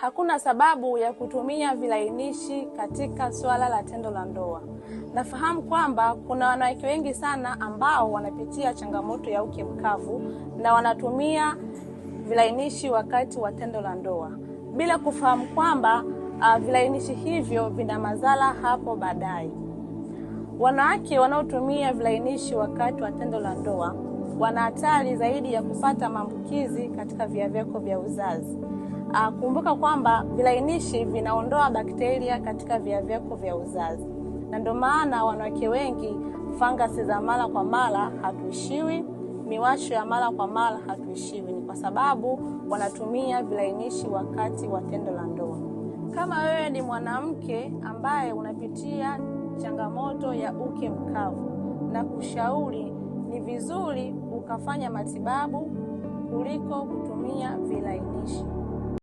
Hakuna sababu ya kutumia vilainishi katika suala la tendo la ndoa. Nafahamu kwamba kuna wanawake wengi sana ambao wanapitia changamoto ya uke mkavu na wanatumia vilainishi wakati wa tendo la ndoa bila kufahamu kwamba uh, vilainishi hivyo vina madhara hapo baadaye. Wanawake wanaotumia vilainishi wakati wa tendo la ndoa wana hatari zaidi ya kupata maambukizi katika via vyako vya uzazi. Uh, kumbuka kwamba vilainishi vinaondoa bakteria katika via vyako vya uzazi, na ndio maana wanawake wengi fangasi za mara kwa mara hatuishiwi, miwasho ya mara kwa mara hatuishiwi, ni kwa sababu wanatumia vilainishi wakati wa tendo la ndoa. Kama wewe ni mwanamke ambaye unapitia changamoto ya uke mkavu, na kushauri ni vizuri ukafanya matibabu kuliko kutumia vilainishi.